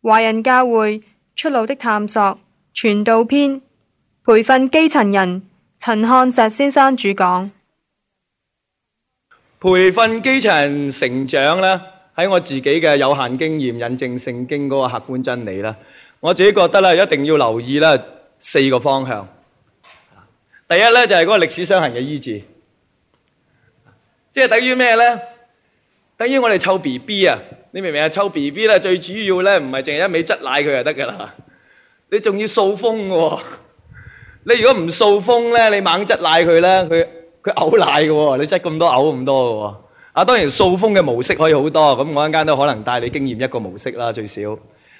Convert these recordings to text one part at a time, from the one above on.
華人教會出路的探索傳道篇，培訓基層人，陳漢錫先生主講。培訓基層人成長咧，喺我自己嘅有限經驗引證聖經嗰個客觀真理啦。我自己覺得咧，一定要留意咧四個方向。第一咧就係、是、嗰個歷史傷痕嘅醫治，即係等於咩咧？等於我哋湊 B B 啊，你明唔明啊？湊 B B 咧，最主要咧唔係淨係一味擠奶佢就得噶啦，你仲要掃風喎！你如果唔掃風咧，你猛擠奶佢咧，佢佢嘔奶喎。你擠咁多嘔咁多㗎啊，當然掃風嘅模式可以好多，咁我一陣都可能帶你經驗一個模式啦，最少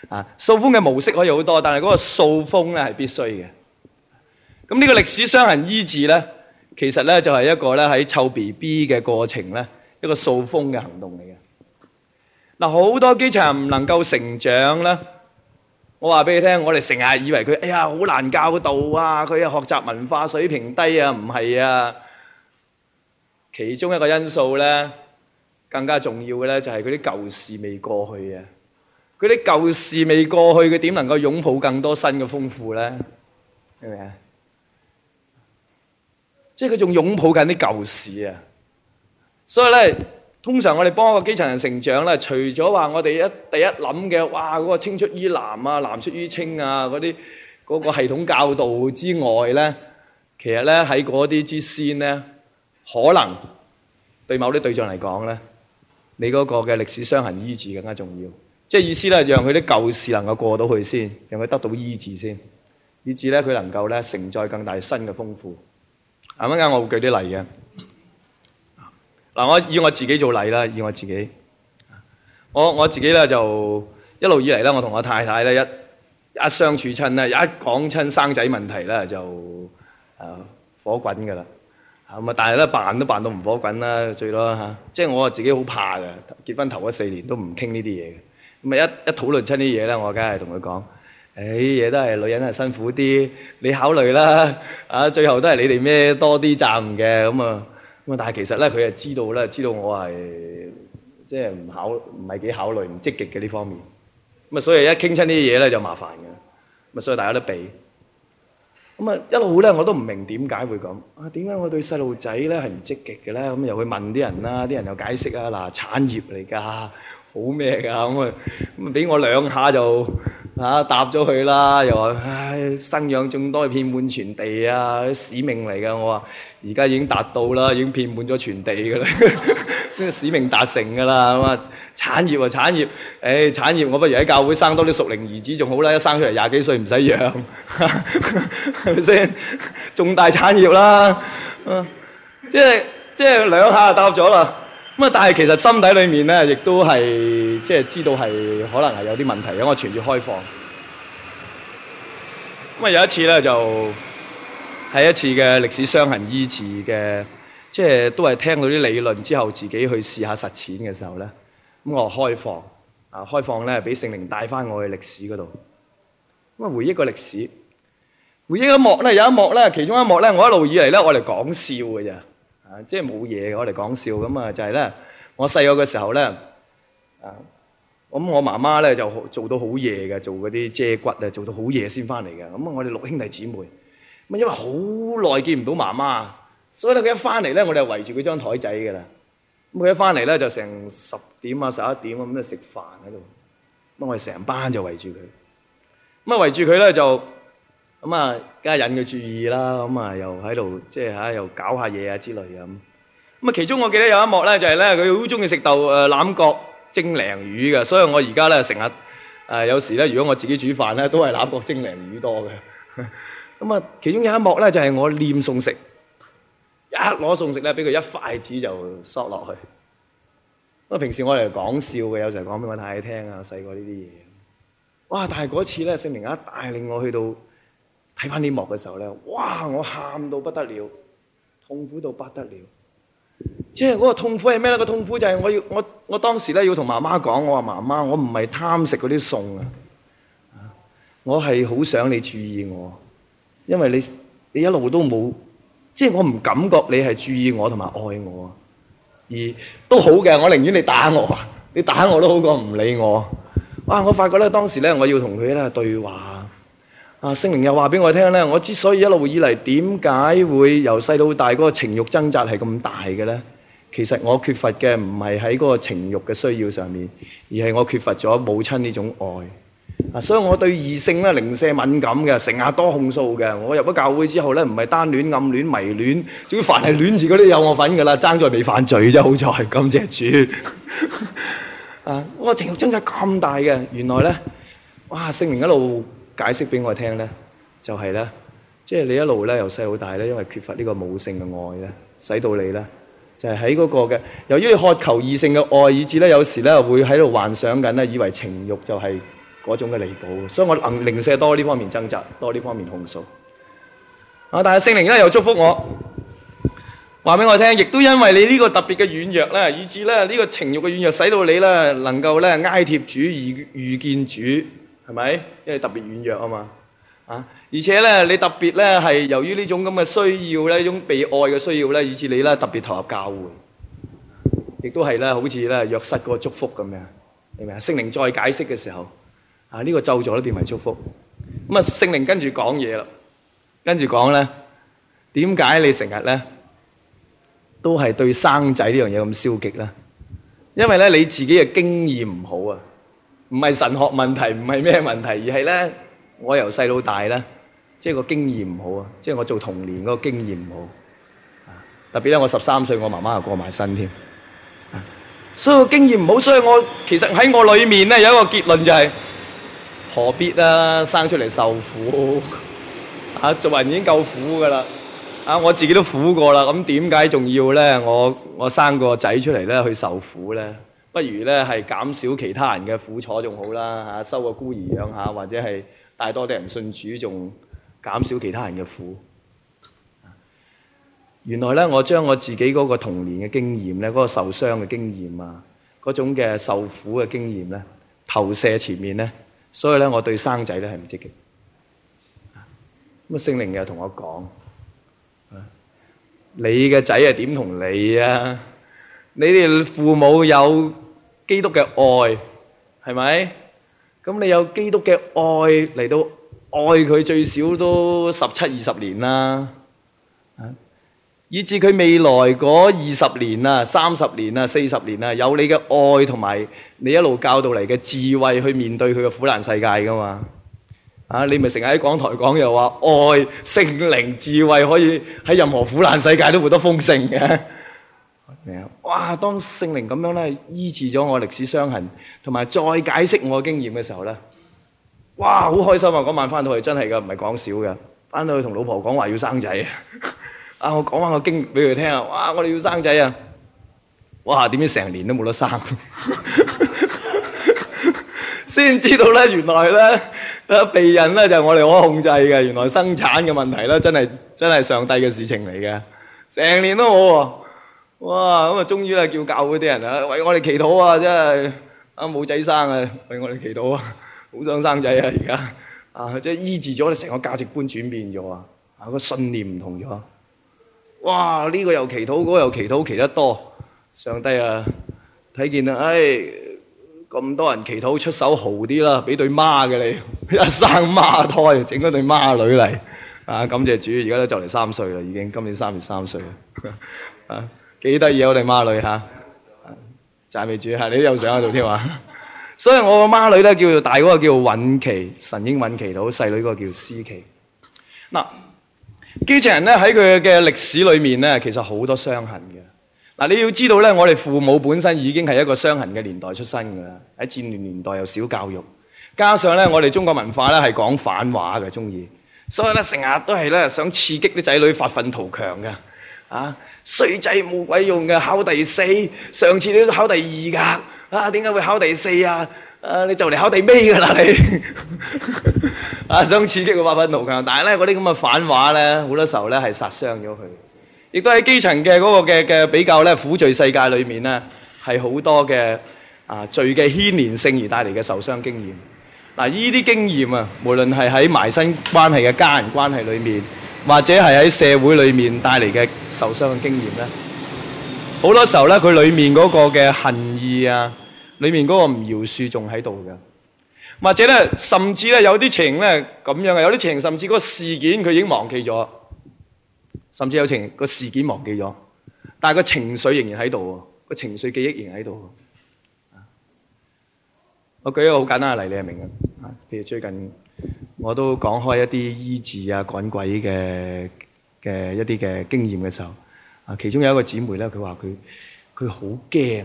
啊，掃風嘅模式可以好多，但係嗰個掃風咧係必須嘅。咁呢個歷史傷痕醫治咧，其實咧就係、是、一個咧喺湊 B B 嘅過程咧。一個掃風嘅行動嚟嘅，嗱，好多基層唔能夠成長啦。我話俾你聽，我哋成日以為佢，哎呀，好難教導啊，佢啊學習文化水平低啊，唔係啊，其中一個因素咧，更加重要嘅咧，就係佢啲舊事未過去啊。佢啲舊事未過去，佢點能夠擁抱更多新嘅豐富咧？係咪？啊？即係佢仲擁抱緊啲舊事啊！所以咧，通常我哋幫一個基層人成長咧，除咗話我哋一第一諗嘅，哇嗰個青出於藍啊，藍出於青啊，嗰啲嗰個系統教導之外咧，其實咧喺嗰啲之先咧，可能對某啲對象嚟講咧，你嗰個嘅歷史傷痕醫治更加重要。即係意思咧，讓佢啲舊事能夠過到去先，讓佢得到醫治先，以至咧佢能夠咧承載更大新嘅豐富。啱唔啱？我會舉啲例嘅。嗱，我以我自己做例啦，以我自己，我我自己咧就一路以嚟咧，我同我太太咧一一相處親咧，一講親生仔問題咧，就誒、啊、火滾噶啦，係咪？但係咧，扮都扮到唔火滾啦，最多嚇。即係我啊，就是、我自己好怕噶，結婚頭嗰四年都唔傾呢啲嘢嘅，咁啊一一討論親啲嘢咧，我梗係同佢講，誒、哎、嘢都係女人係辛苦啲，你考慮啦，啊最後都係你哋咩多啲責任嘅咁啊。咁但係其實咧，佢係知道咧，知道我係即係唔考，唔係幾考慮，唔積極嘅呢方面。咁啊，所以一傾親呢啲嘢咧，就麻煩㗎。咁啊，所以大家都避。咁啊，一路咧我都唔明點解會咁啊？點解我對細路仔咧係唔積極嘅咧？咁又去問啲人啦，啲人又解釋啊嗱，產業嚟噶，好咩噶咁啊？咁俾我兩下就啊答咗佢啦，又話唉、哎，生養眾多遍滿全地啊，使命嚟㗎我話。而家已經達到啦，已經遍滿咗全地嘅啦，呢個的 使命達成嘅啦。咁啊，產業啊產業，誒、哎、產業，我不如喺教會生多啲熟齡兒子仲好啦，一生出嚟廿幾歲唔使養，係咪先？的 重大產業啦，即係即係兩下就答咗啦。咁啊， 就是就是、但係其實心底裡面咧，亦都係即係知道係可能係有啲問題，因為我全要開放。咁啊，有一次咧就。係一次嘅歷史傷痕醫治嘅，即係都係聽到啲理論之後，自己去試下實踐嘅時候咧，咁我開放，啊開放咧，俾聖靈帶翻我去歷史嗰度，咁啊回憶個歷史，回憶一幕咧，有一幕咧，其中一幕咧，我一路以為咧，我哋講笑嘅啫，啊，即係冇嘢嘅，我哋講笑咁啊，就係咧，我細個嘅時候咧，啊，咁我媽媽咧就做到好夜嘅，做嗰啲遮骨啊，做到好夜先翻嚟嘅，咁啊，我哋六兄弟姊妹。因為好耐見唔到媽媽，所以咧，佢一翻嚟咧，我哋就圍住佢張台仔㗎啦。咁佢一翻嚟咧，就成十點啊，十一點咁咧，食飯喺度，咁我哋成班就圍住佢。咁啊圍住佢咧就咁啊，梗係引佢注意啦。咁啊又喺度即係又搞下嘢啊之類咁。咁啊其中我記得有一幕咧，就係咧，佢好中意食豆誒欖角蒸鯪魚嘅，所以我而家咧成日誒有時咧，如果我自己煮飯咧，都係欖角蒸鯪魚多嘅。咁啊，其中有一幕咧，就係我念送食，一攞送食咧，俾佢一筷子就嗦落去。咁啊，平時我哋講笑嘅，有時候講俾我太太聽啊，細個呢啲嘢。哇！但係嗰次咧，聖靈一帶領我去到睇翻呢幕嘅時候咧，哇！我喊到不得了，痛苦到不得了。即係嗰個痛苦係咩咧？個痛苦就係我要我我當時咧要同媽媽講，我話媽媽，我唔係貪食嗰啲餸啊，我係好想你注意我。因為你你一路都冇，即係我唔感覺你係注意我同埋愛我啊，而都好嘅，我寧願你打我啊，你打我都好過唔理我啊。我發覺咧，當時咧，我要同佢咧對話啊，啊，聖靈又話俾我聽咧，我之所以一路以嚟點解會由細到大嗰個情欲掙扎係咁大嘅咧，其實我缺乏嘅唔係喺個情欲嘅需要上面，而係我缺乏咗母親呢種愛。啊！所以我對異性咧零舍敏感嘅，成日多控訴嘅。我入咗教會之後咧，唔係單戀、暗戀、迷戀，仲要凡係戀住嗰啲有我份噶啦，爭在未犯罪啫，好在感謝主。 啊！我情欲真係咁大嘅，原來咧，哇！聖靈一路解釋俾我聽咧，就係、是、咧，即、就、係、是、你一路咧由細到大咧，因為缺乏呢個母性嘅愛咧，使到你咧就係喺嗰個嘅，由於你渴求異性嘅愛，以致咧有時咧會喺度幻想緊咧，以為情欲就係、是。嗰種嘅彌補，所以我能零舍多呢方面掙扎，多呢方面控訴。啊！但係聖靈咧又祝福我，話俾我聽，亦都因為你呢個特別嘅軟弱咧，以至咧呢個情慾嘅軟弱，使到你咧能夠咧挨貼主而遇見主，係咪？因為特別軟弱啊嘛啊！而且咧，你特別咧係由於呢種咁嘅需要咧，呢種被愛嘅需要咧，以至你咧特別投入教會，亦都係咧好似咧約瑟嗰個祝福咁樣，明唔明啊？聖靈再解釋嘅時候。啊！呢、這個咒詛都變為祝福。咁、嗯、啊，聖靈跟住講嘢啦，跟住講咧，點解你成日咧都係對生仔呢樣嘢咁消極咧？因為咧你自己嘅經驗唔好啊，唔係神學問題，唔係咩問題，而係咧我由細到大咧，即係個經驗唔好啊，即係我做童年嗰、那個經驗唔好。啊、特別咧，我十三歲，我媽媽又過埋身添、啊。所以我經驗唔好，所以我其實喺我裏面咧有一個結論就係、是。何必啦、啊？生出嚟受苦啊！做人已經夠苦噶啦！啊，我自己都苦過啦，咁點解仲要咧？我我生個仔出嚟咧去受苦咧？不如咧係減少其他人嘅苦楚仲好啦吓、啊，收個孤兒養下，或者係帶多啲人信主，仲減少其他人嘅苦、啊。原來咧，我將我自己嗰個童年嘅經驗咧，嗰個受傷嘅經驗啊，嗰種嘅受苦嘅經驗咧，投射前面咧。所以咧，我對生仔咧係唔積極。咁啊，聖靈又同我講：你嘅仔係點同你啊？你哋父母有基督嘅愛，係咪？咁你有基督嘅愛嚟到愛佢最少都十七、二十年啦。以至佢未來嗰二十年啊、三十年啊、四十年啊，有你嘅愛同埋你一路教導嚟嘅智慧去面對佢嘅苦難世界噶嘛？啊，你咪成日喺港台講又話愛、聖靈、智慧可以喺任何苦難世界都活得豐盛嘅。咩哇！當聖靈咁樣咧醫治咗我歷史傷痕，同埋再解釋我經驗嘅時候咧，哇！好開心啊！嗰晚翻到去真係㗎，唔係講笑嘅，翻到去同老婆講話要生仔。啊！我講翻個經俾佢聽啊！哇！我哋要生仔啊！哇！點知成年都冇得生，先知道咧，原來咧，避孕咧就係我哋可控制嘅。原來生產嘅問題咧，真係真係上帝嘅事情嚟嘅。成年都冇喎，哇！咁啊，終於係叫教會啲人啊，為我哋祈禱啊，真係啊冇仔生啊，為我哋祈禱啊，好想生仔啊而家啊，即係醫治咗，你成個價值觀轉變咗啊，個信念唔同咗。哇！呢、這個又祈禱，嗰、這個這個又祈禱，祈禱得多。上帝啊，睇見啊唉，咁、哎、多人祈禱，出手豪啲啦，俾對孖嘅你，一生孖胎，整嗰對孖女嚟。啊，感謝主，而家都就嚟三歲啦，已經今年三月三歲啦。啊，幾得意我哋孖女吓，啊啊、讚美主吓、啊，你又有上喺度添啊。所以我孖女咧叫做大、那個，嗰個叫做允祈，神英允祈到細女嗰個叫思祈。嗱、啊。基層人咧喺佢嘅歷史裏面咧，其實好多傷痕嘅。嗱，你要知道咧，我哋父母本身已經係一個傷痕嘅年代出身噶啦，喺戰亂年代又少教育，加上咧我哋中國文化咧係講反話嘅，中意，所以咧成日都係咧想刺激啲仔女發奮圖強嘅。啊，衰仔冇鬼用嘅，考第四，上次你都考第二噶，啊，點解會考第四啊？啊，你就嚟考第尾噶啦你。 啊，想刺激佢發奮圖強，但係咧嗰啲咁嘅反話咧，好多時候咧係殺傷咗佢。亦都喺基層嘅嗰個嘅嘅比較咧，苦罪世界裏面咧係好多嘅啊罪嘅牽連性而帶嚟嘅受傷經驗。嗱，啊，呢啲經驗啊，無論係喺埋身關係嘅家人關係裏面，或者係喺社會裏面帶嚟嘅受傷嘅經驗咧，好多時候咧佢裏面嗰個嘅恨意啊，裏面嗰個唔饒恕仲喺度嘅。或者咧，甚至咧有啲情咧咁樣嘅，有啲情甚至個事件佢已經忘記咗，甚至有情個事件忘記咗，但係個情緒仍然喺度喎，個情緒記憶仍然喺度。我舉一個好簡單嘅例，你係明嘅。啊，譬如最近我都講開一啲醫治啊趕鬼嘅嘅一啲嘅經驗嘅時候，啊其中有一個姊妹咧，佢話佢佢好驚。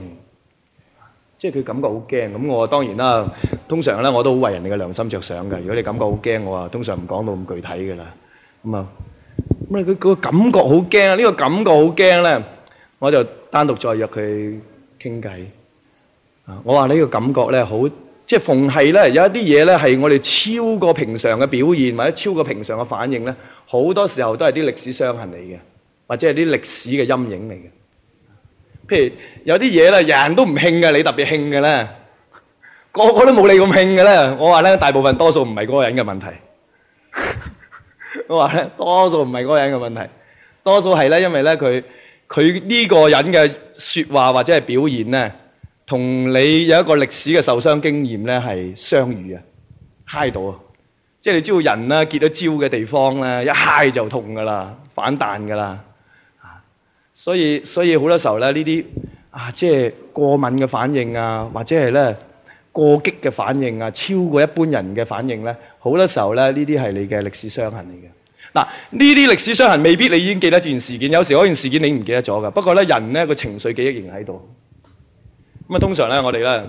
即係佢感覺好驚，咁我啊當然啦，通常咧我都好為人哋嘅良心着想嘅。如果你感覺好驚，我話通常唔講到咁具體嘅啦。咁啊，咁啊佢個感覺好驚啊！呢個感覺好驚咧，我就單獨再約佢傾偈。啊，我話呢個感覺咧好，即係逢係咧有一啲嘢咧係我哋超過平常嘅表現，或者超過平常嘅反應咧，好多時候都係啲歷史傷痕嚟嘅，或者係啲歷史嘅陰影嚟嘅。即係、hey, 有啲嘢啦，人都唔興嘅，你特別興嘅咧，個個都冇你咁興嘅咧。我話咧，大部分多數唔係嗰個人嘅問題。 我話咧，多數唔係嗰個人嘅問題，多數係咧，因為咧佢佢呢個人嘅說話或者係表現咧，同你有一個歷史嘅受傷經驗咧係相遇啊，嗨到啊，即係你知道人咧結咗焦嘅地方咧，一嗨 就痛噶啦，反彈噶啦。所以所以好多時候咧呢啲啊即係、就是、過敏嘅反應啊或者係咧過激嘅反應啊超過一般人嘅反應咧好多時候咧呢啲係你嘅歷史傷痕嚟嘅嗱呢啲歷史傷痕未必你已經記得住件事件有時嗰件事件你唔記得咗噶不過咧人咧個情緒記憶仍然喺度咁啊通常咧我哋咧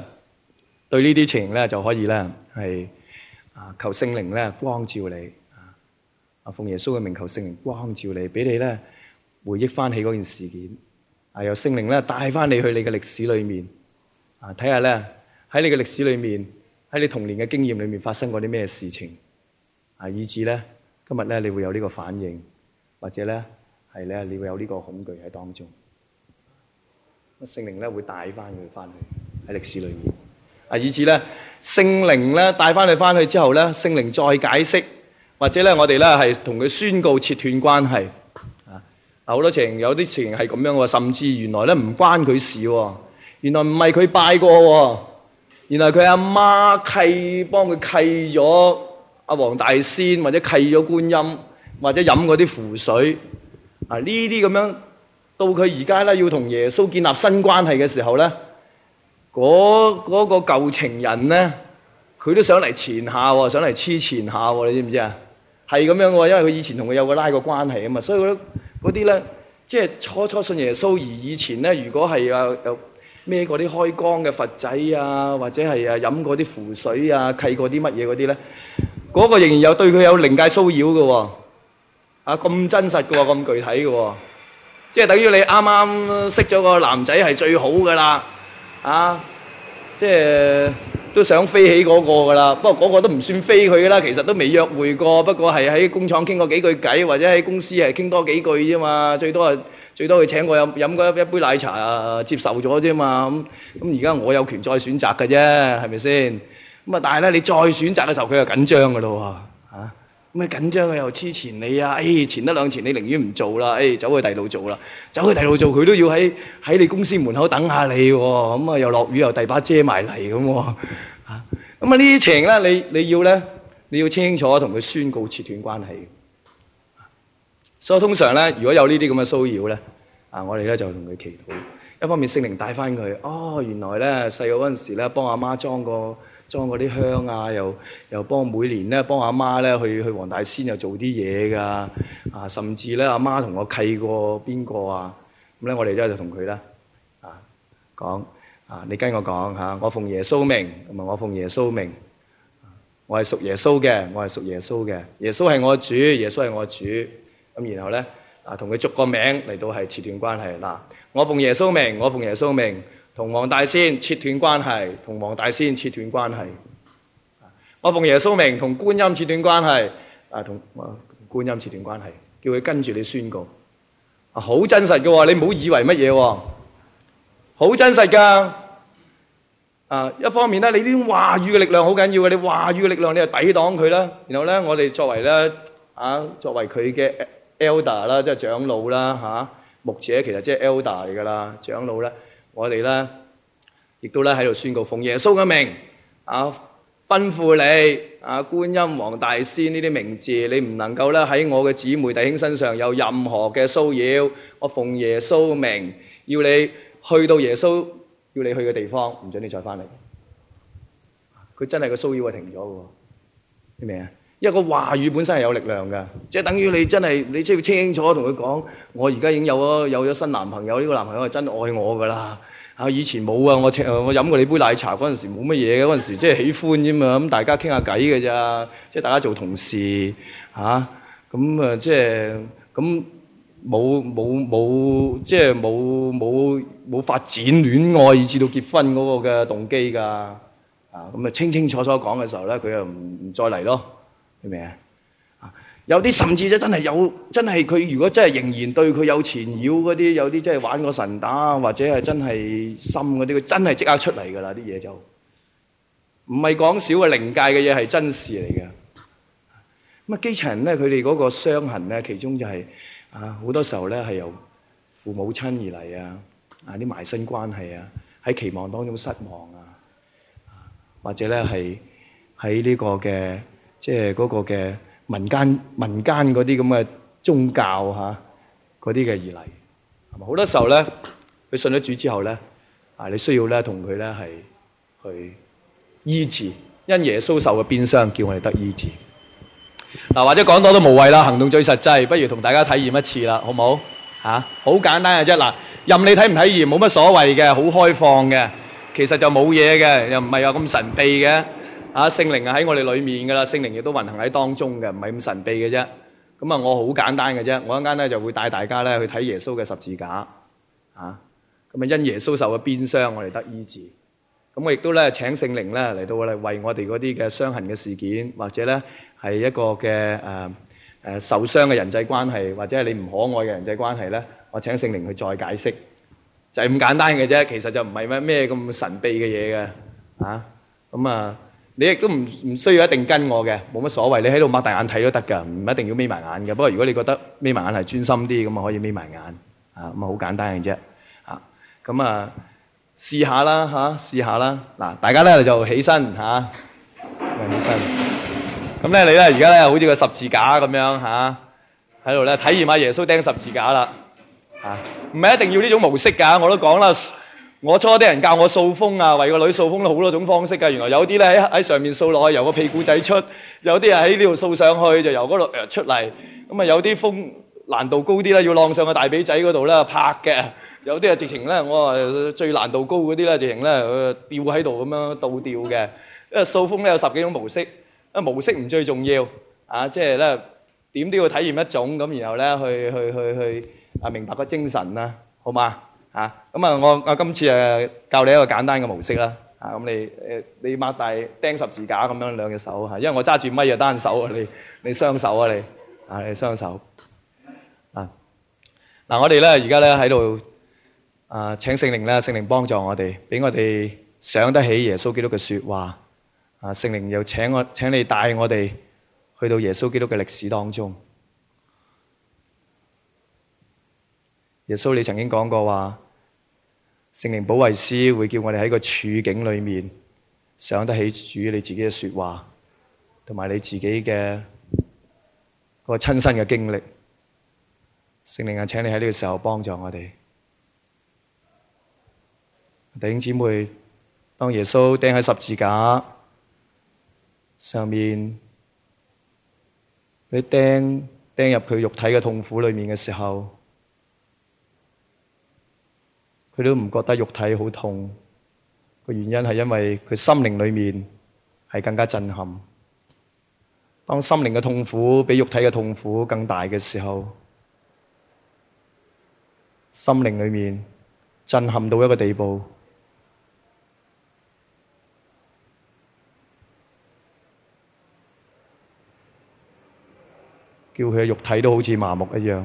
對呢啲情形咧就可以咧係啊求聖靈咧光照你啊奉耶穌嘅名求聖靈光照你俾你咧。回憶翻起嗰件事件，啊，由聖靈咧帶翻你去你嘅歷史裏面，啊，睇下咧喺你嘅歷史裏面，喺你童年嘅經驗裏面發生過啲咩事情，啊，以至咧今日咧你會有呢個反應，或者咧係咧你會有呢個恐懼喺當中。聖靈咧會帶翻佢翻去喺歷史裏面，啊，以至咧聖靈咧帶翻佢翻去之後咧，聖靈再解釋，或者咧我哋咧係同佢宣告切斷關係。好多情，有啲情係咁樣喎，甚至原來咧唔關佢事喎，原來唔係佢拜過喎，原來佢阿媽契幫佢契咗阿黃大仙，或者契咗觀音，或者飲嗰啲符水，啊呢啲咁樣到佢而家咧要同耶穌建立新關係嘅時候咧，嗰嗰個舊情人咧，佢都想嚟纏下，想嚟黐纏下，你知唔知啊？係咁樣嘅喎，因為佢以前同佢有個拉過關係啊嘛，所以佢都。嗰啲咧，即係初初信耶穌而以前咧，如果係啊有孭嗰啲開光嘅佛仔啊，或者係啊飲嗰啲符水啊，契過啲乜嘢嗰啲咧，嗰個仍然有對佢有靈界騷擾嘅喎，啊咁真實嘅喎，咁具體嘅喎，即係等於你啱啱識咗個男仔係最好嘅啦，啊，即係。都想飛起嗰個㗎啦，不過嗰個都唔算飛佢㗎啦。其實都未約會過，不過係喺工廠傾過幾句偈，或者喺公司係傾多幾句啫嘛。最多係最多佢請我飲飲過一杯奶茶，接受咗啫嘛。咁咁而家我有權再選擇㗎啫，係咪先？咁但係呢，你再選擇嘅時候，佢又緊張㗎咯喎。咁咪緊張啊！又黐纏你啊！哎，纏一兩纏，你寧願唔做啦！哎，走去第度做啦，走去第度做，佢都要喺喺你公司門口等你、哦、下你喎。咁啊，又落雨又遞把遮埋嚟咁喎。咁啊，啊呢啲情咧，你你要咧，你要清楚同佢宣告切斷關係、啊。所以通常咧，如果有呢啲咁嘅騷擾咧，啊，我哋咧就同佢祈禱，一方面聖靈帶翻佢。哦，原來咧細個嗰陣時咧幫阿媽裝個。裝嗰啲香啊，又又幫每年咧幫阿媽咧去去黃大仙又做啲嘢噶啊，甚至咧阿媽同我契過邊個啊，咁咧我哋都係就同佢咧啊講啊，你跟我講嚇、啊，我奉耶穌命同埋我奉耶穌命，我係屬耶穌嘅，我係屬耶穌嘅，耶穌係我主，耶穌係我主，咁然後咧啊同佢逐個名嚟到係切斷關係嗱，我奉耶穌命、啊啊啊，我奉耶穌命。我奉耶穌同黃大仙切斷關係，同黃大仙切斷關係。我奉耶穌名同觀音切斷關係，啊同、啊、觀音切斷關係，叫佢跟住你宣告。啊，好真實嘅，你唔好以為乜嘢，好真實噶。啊，一方面咧，你啲話語嘅力量好緊要嘅，你話語嘅力量，你就抵擋佢啦。然後咧，我哋作為咧啊，作為佢嘅 elder 啦，即係長老啦，吓、啊，牧者其實即係 elder 嚟噶啦，長老咧。我哋咧，亦都咧喺度宣告奉耶穌嘅名，啊吩咐你啊觀音王大仙呢啲名字，你唔能夠咧喺我嘅姊妹弟兄身上有任何嘅騷擾。我奉耶穌嘅名，要你去到耶穌要你去嘅地方，唔准你再翻嚟。佢真係個騷擾啊停咗嘅，係咪啊？一個話語本身係有力量噶，即係等於你真係，你即係要清清楚楚同佢講，我而家已經有咗有咗新男朋友，呢個男朋友係真愛我噶啦。啊，以前冇啊，我請我飲過你杯奶茶嗰陣時冇乜嘢嘅，嗰陣時即係喜歡啫嘛，咁大家傾下偈嘅咋，即係大家做同事啊，咁啊即係咁冇冇冇，即係冇冇冇發展戀愛以至到結婚嗰個嘅動機噶，啊，咁啊清清楚楚講嘅時候咧，佢又唔唔再嚟咯。係咪啊？有啲甚至就真係有，真係佢如果真係仍然對佢有纏繞嗰啲，有啲真係玩個神打或者係真係心嗰啲，佢真係即刻出嚟噶啦，啲嘢就唔係講少嘅靈界嘅嘢，係真事嚟嘅。咁啊，基層咧，佢哋嗰個傷痕咧，其中就係、是、啊，好多時候咧係由父母親而嚟啊，啊啲埋身關係啊，喺期望當中失望啊，或者咧係喺呢個嘅。即係嗰個嘅民間民間嗰啲咁嘅宗教吓，嗰啲嘅儀禮，係嘛好多時候咧，佢信咗主之後咧，啊你需要咧同佢咧係去醫治，因耶穌受嘅鞭傷，叫我哋得醫治。嗱，或者講多都無謂啦，行動最實際，不如同大家體驗一次啦，好唔好？吓、啊，好簡單嘅啫，嗱，任你體唔體驗，冇乜所謂嘅，好開放嘅，其實就冇嘢嘅，又唔係有咁神秘嘅。啊，聖靈啊喺我哋裏面噶啦，聖靈亦都運行喺當中嘅，唔係咁神秘嘅啫。咁啊，我好簡單嘅啫。我一陣間咧就會帶大家咧去睇耶穌嘅十字架，啊，咁啊因耶穌受嘅鞭傷，我哋得醫治。咁我亦都咧請聖靈咧嚟到我哋為我哋嗰啲嘅傷痕嘅事件，或者咧係一個嘅誒誒受傷嘅人際關係，或者係你唔可愛嘅人際關係咧，我請聖靈去再解釋，就係咁簡單嘅啫。其實就唔係乜咩咁神秘嘅嘢嘅，啊，咁啊。你亦都唔唔需要一定跟我嘅，冇乜所謂。你喺度擘大眼睇都得噶，唔一定要眯埋眼嘅。不過如果你覺得眯埋眼係專心啲，咁啊可以眯埋眼。啊，咁啊好簡單嘅啫。啊，咁啊試下啦，吓，試下啦。嗱，大家咧就起身吓，起身。咁咧你咧而家咧好似個十字架咁樣吓，喺度咧體驗下耶穌釘十字架啦。吓，唔係一定要呢種模式噶，我都講啦。我初啲人教我掃風啊，為個女掃風都好多種方式㗎。原來有啲咧喺喺上面掃落去，由個屁股仔出；有啲啊喺呢度掃上去，就由嗰度出嚟。咁啊有啲風難度高啲啦，要晾上個大髀仔嗰度啦，拍嘅。有啲啊直情咧，我話最難度高嗰啲咧，直情咧吊喺度咁樣倒吊嘅。因為掃風咧有十幾種模式，啊模式唔最重要啊，即係咧點都要體驗一種咁，然後咧去去去去啊明白個精神啦，好嘛？啊，咁啊，我我今次誒教你一個簡單嘅模式啦，咁，啊，你誒你擘大釘十字架咁樣兩隻手吓，啊，因為我揸住咪又單手,你你手啊，你你雙手啊你，啊你雙手，啊，嗱我哋咧而家咧喺度啊，請聖靈啦，聖靈幫助我哋，俾我哋想得起耶穌基督嘅說話，啊，聖靈又請我，請你帶我哋去到耶穌基督嘅歷史當中。耶穌你曾經講過話。聖靈保惠師會叫我哋喺個處境裏面，想得起主你自己嘅說話，同埋你自己嘅個親身嘅經歷。聖靈啊，請你喺呢個時候幫助我哋。弟兄姊妹，當耶穌釘喺十字架上面，你釘釘入佢肉體嘅痛苦裏面嘅時候。佢都唔覺得肉體好痛，個原因係因為佢心靈裏面係更加震撼。當心靈嘅痛苦比肉體嘅痛苦更大嘅時候，心靈裏面震撼到一個地步，叫佢嘅肉體都好似麻木一樣。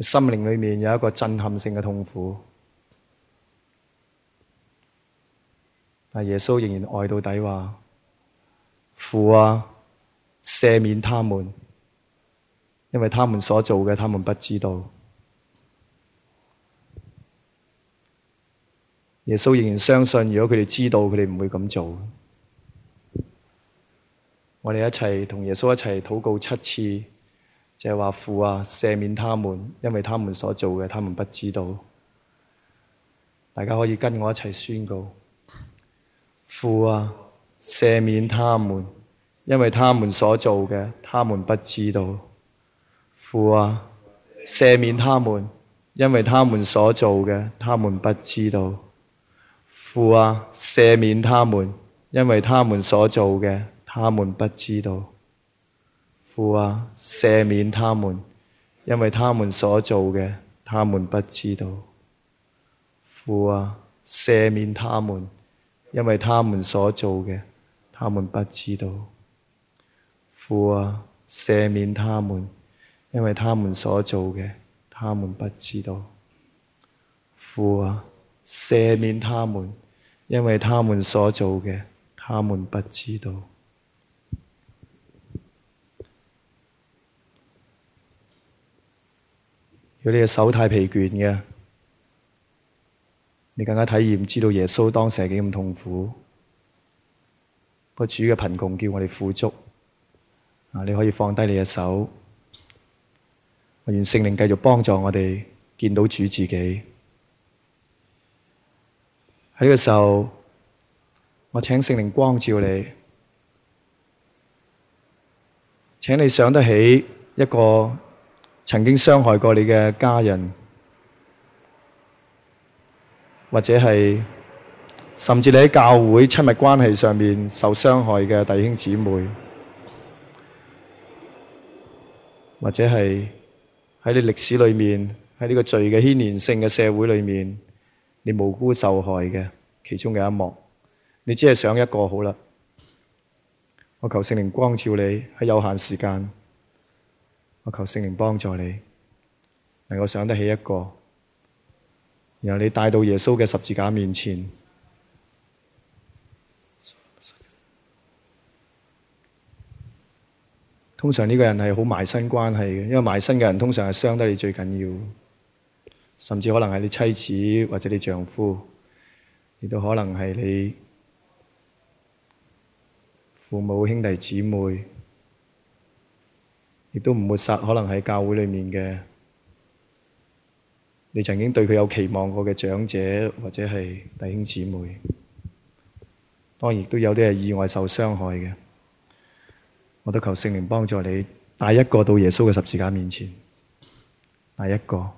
心靈裏面有一個震撼性嘅痛苦，但耶穌仍然愛到底，話父啊，赦免他們，因為他們所做嘅，他們不知道。耶穌仍然相信，如果佢哋知道，佢哋唔會咁做。我哋一齊同耶穌一齊禱告七次。即係話父啊，赦免他們，因為他們所做嘅，他們不知道。大家可以跟我一齊宣告：父啊，赦免他們，因為他們所做嘅，他們不知道。父啊，赦免他們，因為他們所做嘅，他們不知道。父啊，赦免他們，因為他們所做嘅，他們不知道。父啊，赦免他們，因為他們所做嘅，他們不知道。父啊，赦免他們，因為他們所做嘅，他們不知道。父啊，赦免他們，因為他們所做嘅，他們不知道。父啊，赦免他們，因為他們所做嘅，他們不知道。如果你嘅手太疲倦嘅，你更加體驗知道耶穌當時係幾咁痛苦。個主嘅貧窮叫我哋富足。啊，你可以放低你嘅手，我願聖靈繼續幫助我哋見到主自己。喺呢個時候，我請聖靈光照你，請你想得起一個。曾經傷害過你嘅家人，或者係甚至你喺教會親密關係上面受傷害嘅弟兄姊妹，或者係喺你歷史裏面喺呢個罪嘅牽連性嘅社會裏面，你無辜受害嘅其中嘅一幕，你只係想一個好啦，我求聖靈光照你，喺有限時間。我求聖靈幫助你，能夠想得起一個，然後你帶到耶穌嘅十字架面前。通常呢個人係好埋身關係嘅，因為埋身嘅人通常係傷得你最緊要，甚至可能係你妻子或者你丈夫，亦都可能係你父母、兄弟、姊妹。亦都唔抹殺，可能喺教會裏面嘅，你曾經對佢有期望過嘅長者或者係弟兄姊妹，當然都有啲係意外受傷害嘅。我都求聖靈幫助你，帶一個到耶穌嘅十字架面前，帶一個。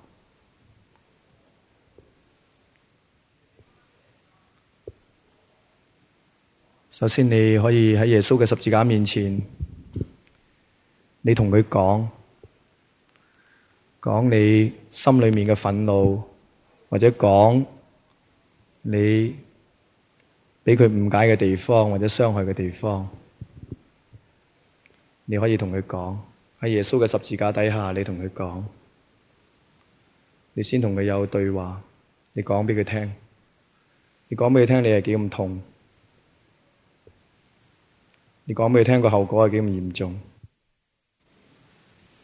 首先你可以喺耶穌嘅十字架面前。你同佢講，講你心裏面嘅憤怒，或者講你俾佢誤解嘅地方，或者傷害嘅地方，你可以同佢講，喺耶穌嘅十字架底下，你同佢講，你先同佢有對話，你講俾佢聽，你講俾佢聽你係幾咁痛，你講俾佢聽個後果係幾咁嚴重。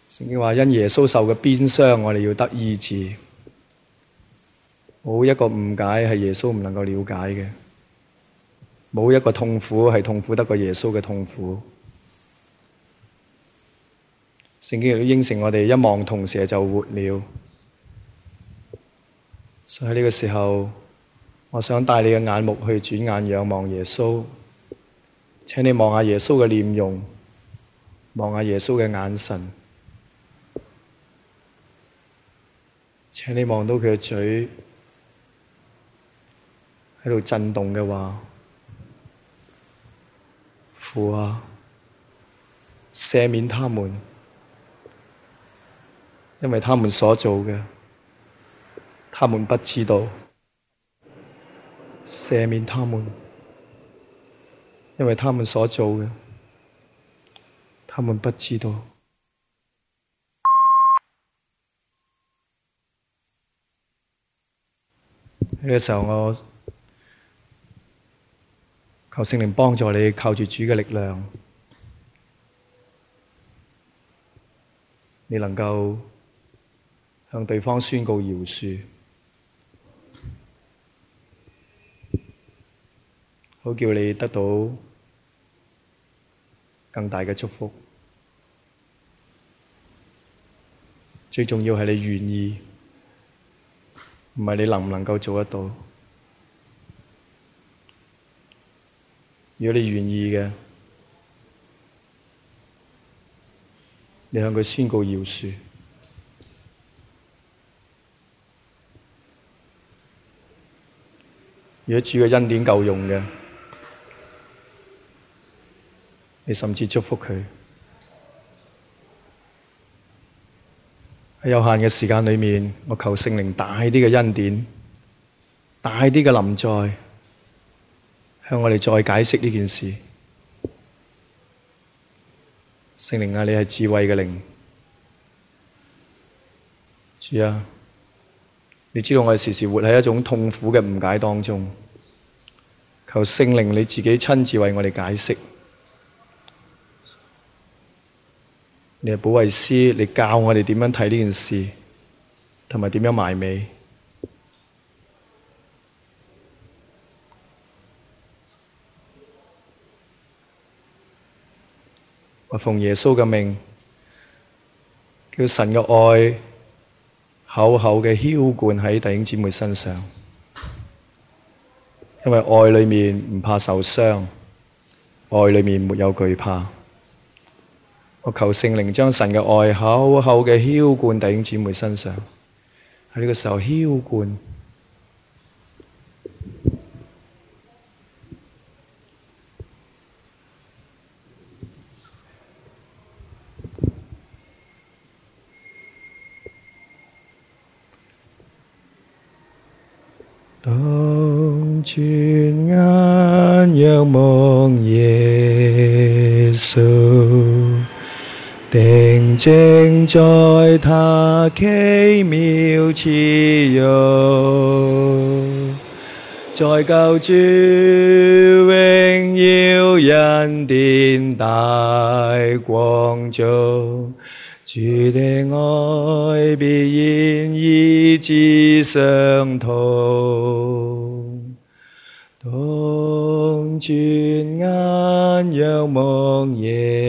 聖經話：因耶穌受嘅鞭傷，我哋要得醫治。冇一個誤解係耶穌唔能夠了解嘅，冇一個痛苦係痛苦得過耶穌嘅痛苦。聖經亦都應承我哋一望銅蛇就活了。所以呢個時候，我想帶你嘅眼目去轉眼仰望耶穌，請你望下耶穌嘅臉容，望下耶穌嘅眼神。請你望到佢嘅嘴喺度震動嘅話，父啊，赦免他們，因為他們所做嘅，他們不知道；赦免他們，因為他們所做嘅，他們不知道。呢個時候，我求聖靈幫助你，靠住主嘅力量，你能夠向對方宣告饒恕，好叫你得到更大嘅祝福。最重要係你願意。唔係你能唔能夠做得到。如果你願意嘅，你向佢宣告饒恕。如果主嘅恩典夠用嘅，你甚至祝福佢。喺有限嘅時間裏面，我求聖靈大啲嘅恩典，大啲嘅臨在，向我哋再解釋呢件事。聖靈啊，你係智慧嘅靈，主啊，你知道我哋時時活喺一種痛苦嘅誤解當中，求聖靈你自己親自為我哋解釋。你係保惠師，你教我哋點樣睇呢件事，同埋點樣埋尾。我奉耶穌嘅命，叫神嘅愛厚厚嘅澆灌喺弟兄姊妹身上，因為愛裏面唔怕受傷，愛裏面沒有懼怕。我求聖靈將神嘅愛厚厚嘅澆灌喺弟兄姊妹身上，喺呢個時候澆灌。當轉眼仰望耶穌。定靜在他奇妙慈容，在救主榮耀恩典大光中，注定愛別然意志相同，同轉眼仰望耶。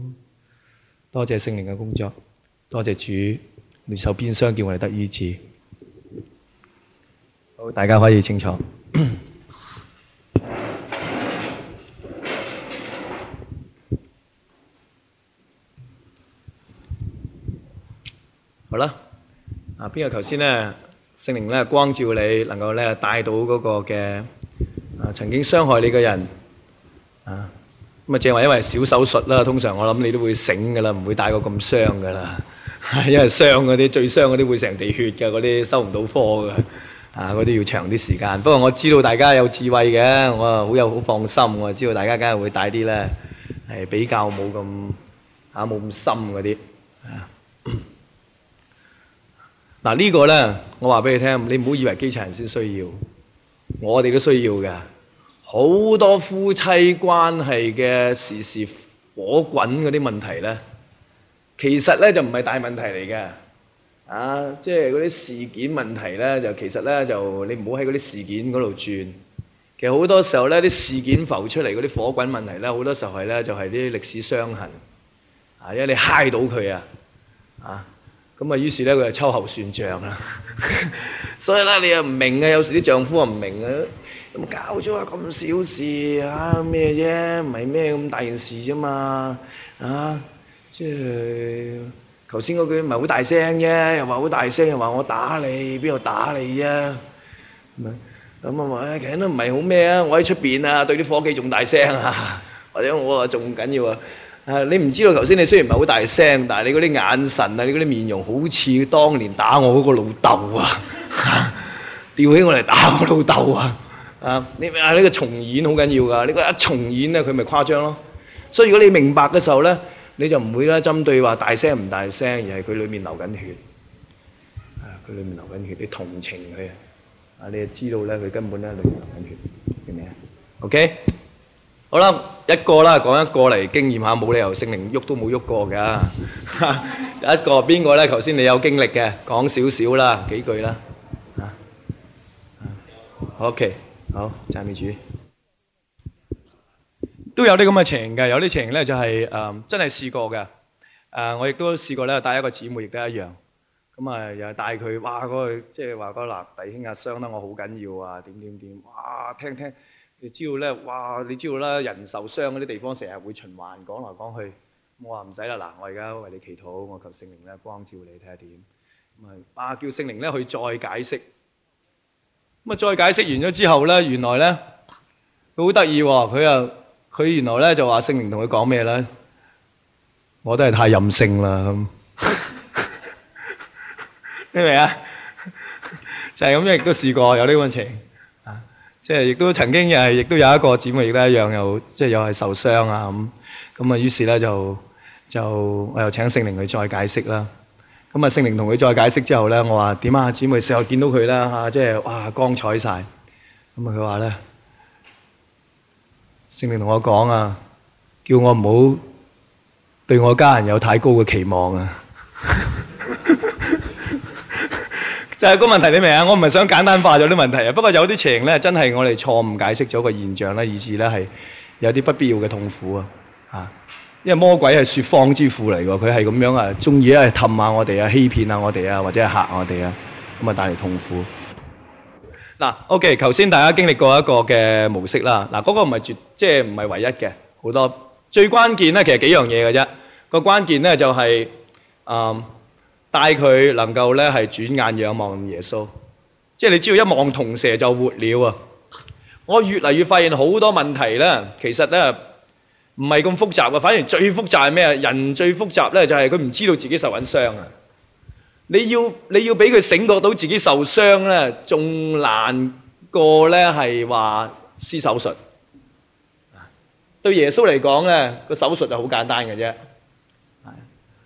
多謝聖靈嘅工作，多謝主，你受鞭傷叫我哋得醫治。大家可以清楚。 好啦，啊，邊個頭先呢？聖靈光照你，能夠帶帶到嗰個嘅啊，曾經傷害你的人。咁正話因為小手術啦，通常我諗你都會醒噶啦，唔會帶個咁傷噶啦。因為傷嗰啲最傷嗰啲會成地血嘅，嗰啲收唔到科噶。啊，嗰啲要長啲時間。不過我知道大家有智慧嘅，我啊好有好放心。我知道大家梗係會帶啲咧，係比較冇咁吓冇咁深嗰啲。嗱、這個、呢個咧，我話俾你聽，你唔好以為基層人先需要，我哋都需要噶。好多夫妻關係嘅時時火滾嗰啲問題咧，其實咧就唔係大問題嚟嘅，啊，即係嗰啲事件問題咧，就其實咧就你唔好喺嗰啲事件嗰度轉。其實好多時候咧，啲事件浮出嚟嗰啲火滾問題咧，好多時候係咧就係啲歷史傷痕，啊，因為你嗨到佢啊，啊，咁啊，於是咧佢就秋後算賬啦 所以咧你又唔明啊，有時啲丈夫又唔明啊。咁搞咗啊！咁小事嚇咩啫？唔係咩咁大件事啫嘛？啊，即係頭先嗰句唔係好大聲啫，又話好大聲，又話我打你，邊度打你啫，啊？咁啊話，其實都唔係好咩啊！我喺出面啊，對啲夥計仲大聲啊，或者我話仲緊要啊！啊，你唔知道頭先你雖然唔係好大聲，但係你嗰啲眼神啊，你嗰啲面容好似當年打我嗰個老豆啊，啊，吊起我嚟打我的老豆啊！啊！你啊呢個重演好緊要噶，呢個一重演咧佢咪誇張咯。所以如果你明白嘅時候咧，你就唔會咧針對話大聲唔大聲，而係佢裏面流緊血。啊，佢裏面流緊血，你同情佢啊！啊，你就知道咧佢根本咧裏面流緊血，明唔明啊？OK，好啦，一個啦，講一個嚟經驗下，冇理由聖靈喐都冇喐過噶。一個邊個咧？頭先你有經歷嘅，講少少啦，幾句啦。啊，OK。好讚美主，都有啲咁嘅情形嘅，有啲情形咧就係誒真係試過嘅，誒我亦都試過咧帶一個姊妹亦都一樣，咁啊又帶佢，哇嗰個即係話嗰個男弟兄啊傷得我好緊要啊點點點，哇聽聽你知道咧，哇你知道啦，人受傷嗰啲地方成日會循環講嚟，講去，我話唔使啦嗱，我而家為你祈禱，我求聖靈咧光照你睇下點，咁啊叫聖靈咧去再解釋。咁啊，再解釋完咗之後咧，原來咧，佢好得意喎，佢佢原來咧就話聖靈同佢講咩咧，我都係太任性啦咁，明未啊？就係咁樣，亦都試過有呢種情啊，即係亦都曾經又係亦都有一個姊妹亦都一樣，又即係又係受傷啊咁，咁啊於是咧就就我又請聖靈佢再解釋啦。咁啊，聖靈同佢再解釋之後咧，我話點啊，姊妹？最後見到佢啦吓，即係哇光彩晒。咁啊，佢話咧，聖靈同我講啊，叫我唔好對我家人有太高嘅期望啊。 就係個問題，你明啊？我唔係想簡單化咗啲問題啊。不過有啲情形咧，真係我哋錯誤解釋咗個現象咧，以至咧係有啲不必要嘅痛苦啊，吓因為魔鬼係說謊之父嚟噶，佢係咁樣啊，中意咧氹下我哋啊，欺騙下我哋啊，或者係吓我哋啊，咁啊帶嚟痛苦。嗱，OK，頭先大家經歷過一個嘅模式啦，嗱，嗰個唔係絕，即係唔係唯一嘅，好多最關鍵咧，其實是幾樣嘢嘅啫。個關鍵咧就係、是，嗯、呃，帶佢能夠咧係轉眼仰望耶穌，即係你只要一望銅蛇就活了啊！我越嚟越發現好多問題咧，其實咧。唔係咁複雜啊，反而最複雜係咩啊？人最複雜咧，就係佢唔知道自己受緊傷啊！你要你要俾佢醒覺到自己受傷咧，仲難過咧係話施手術。對耶穌嚟講咧，個手術就好簡單嘅啫。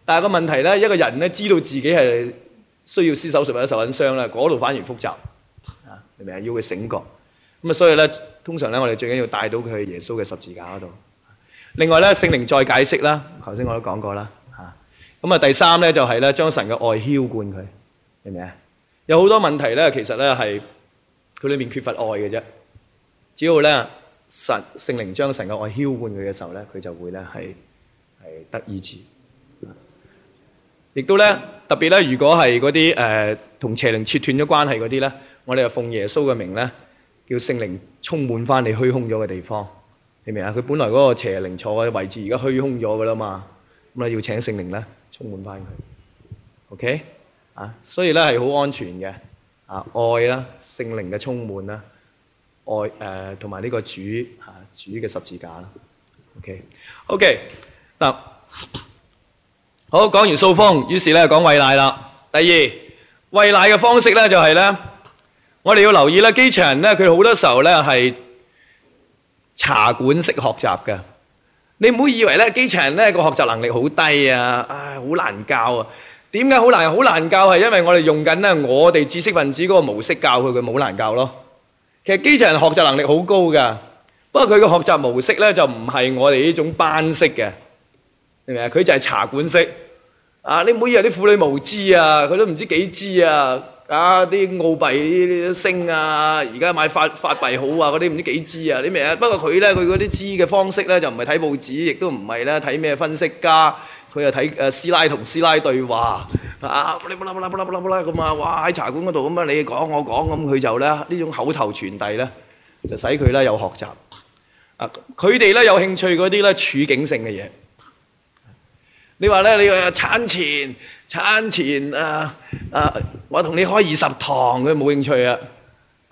但係個問題咧，一個人咧知道自己係需要施手術或者受緊傷啦，嗰度反而複雜啊！你明唔明啊？要佢醒覺咁啊，所以咧，通常咧，我哋最緊要帶到佢去耶穌嘅十字架嗰度。另外咧，聖靈再解釋啦，頭先我都講過啦，吓咁啊，嗯，第三咧就係咧，將神嘅愛澆灌佢，明唔明啊？有好多問題咧，其實咧係佢裏面缺乏愛嘅啫。只要咧神聖靈將神嘅愛澆灌佢嘅時候咧，佢就會咧係係得醫治。亦、啊、都咧特別咧，如果係嗰啲誒同邪靈切斷咗關係嗰啲咧，我哋就奉耶穌嘅名咧，叫聖靈充滿翻你虛空咗嘅地方。你明啊？佢本來嗰個邪靈坐嘅位置，而家虛空咗噶啦嘛，咁咧要請聖靈咧充滿翻佢。OK 啊，所以咧係好安全嘅啊，愛啦、啊，聖靈嘅充滿啦，愛、啊、誒，同埋呢個主吓、啊、主嘅十字架啦。OK，OK、okay? okay, 嗱，好講完掃風，於是咧講餵奶啦。第二餵奶嘅方式咧就係、是、咧，我哋要留意咧，基層人咧佢好多時候咧係。是茶館式學習噶，你唔好以為咧，基層人咧個學習能力好低啊，唉，好難教啊。點解好難好難教？係因為我哋用緊咧我哋知識分子嗰個模式教佢，佢冇難教咯。其實基層人學習能力好高噶，不過佢個學習模式咧就唔係我哋呢種班式嘅，明唔明啊？佢就係茶館式啊！你唔好以為啲婦女無知啊，佢都唔知幾知啊。啊！啲澳幣啲升啊！而家買法法幣好啊！嗰啲唔知幾支啊！你明啊？不過佢咧，佢嗰啲支嘅方式咧，就唔係睇報紙，亦都唔係咧睇咩分析家。佢又睇誒師奶同師奶對話啊！卜啦卜啦卜啦卜啦咁啊！哇！喺茶館嗰度咁啊！你講我講，咁佢就咧呢種口頭傳遞咧，就使佢咧有學習。啊！佢哋咧有興趣嗰啲咧處境性嘅嘢。你話咧，你話產前。餐前啊啊，我同你開二十堂，佢冇興趣啊，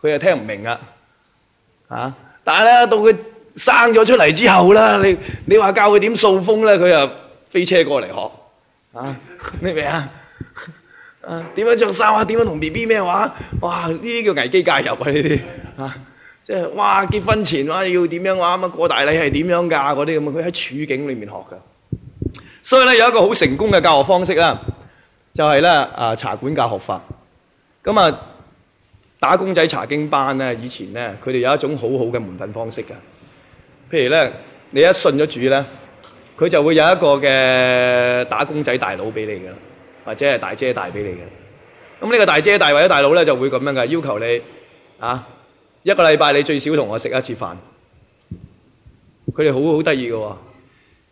佢又聽唔明啊，但係咧到佢生咗出嚟之後咧，你你話教佢點掃風咧，佢又飛車過嚟學，啊，你明啊？啊，點樣着衫啊？點樣同 B B 咩話？哇，呢啲叫危機介入啊！呢啲啊即係哇，結婚前哇要點樣哇？咁過大禮係點樣噶？嗰啲咁啊，佢喺處境裏面學噶，所以咧有一個好成功嘅教學方式啊！就係咧，啊茶館教學法，咁啊打工仔茶經班咧，以前咧佢哋有一種很好好嘅門訓方式噶。譬如咧，你一信咗主咧，佢就會有一個嘅打工仔大佬俾你啦，或者係大姐大俾你嘅。咁呢個大姐大或者大佬咧就會咁樣㗎，要求你啊，一個禮拜你最少同我食一次飯。佢哋好好得意嘅喎，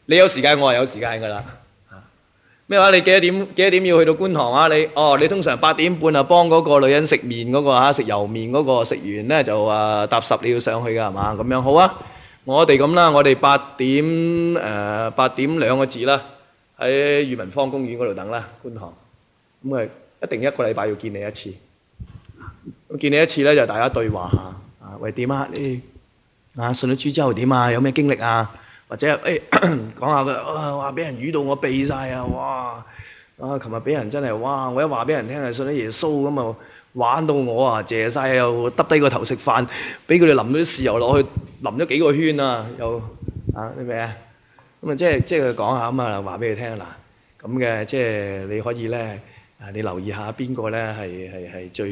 你有時間我係有時間噶啦。咩話？你幾多點？幾多點要去到觀塘啊？你哦，你通常八點半啊，幫嗰個女人食麵嗰、嗰個吓，食油麵嗰個呢，食完咧就啊搭十，你要上去噶係嘛？咁樣好啊？我哋咁啦，我哋八點誒，八、呃、點兩個字啦，喺裕民坊公園嗰度等啦，觀塘。咁啊，一定一個禮拜要見你一次。咁見你一次咧，就是、大家對話下啊，喂，點啊？你啊，信咗主之後點啊？有咩經歷啊？或者誒講、哎、下佢話俾人魚到我痹晒啊！哇啊！琴日俾人真係哇！我一話俾人聽係信咗耶穌咁啊，玩到我啊謝晒又耷低個頭食飯，俾佢哋淋咗啲豉油落去，淋咗幾個圈啊！又啊啲咩啊？咁、嗯、啊即係即係佢講下咁啊，話俾佢聽啦。咁嘅即係你可以咧，你留意下邊個咧係係係最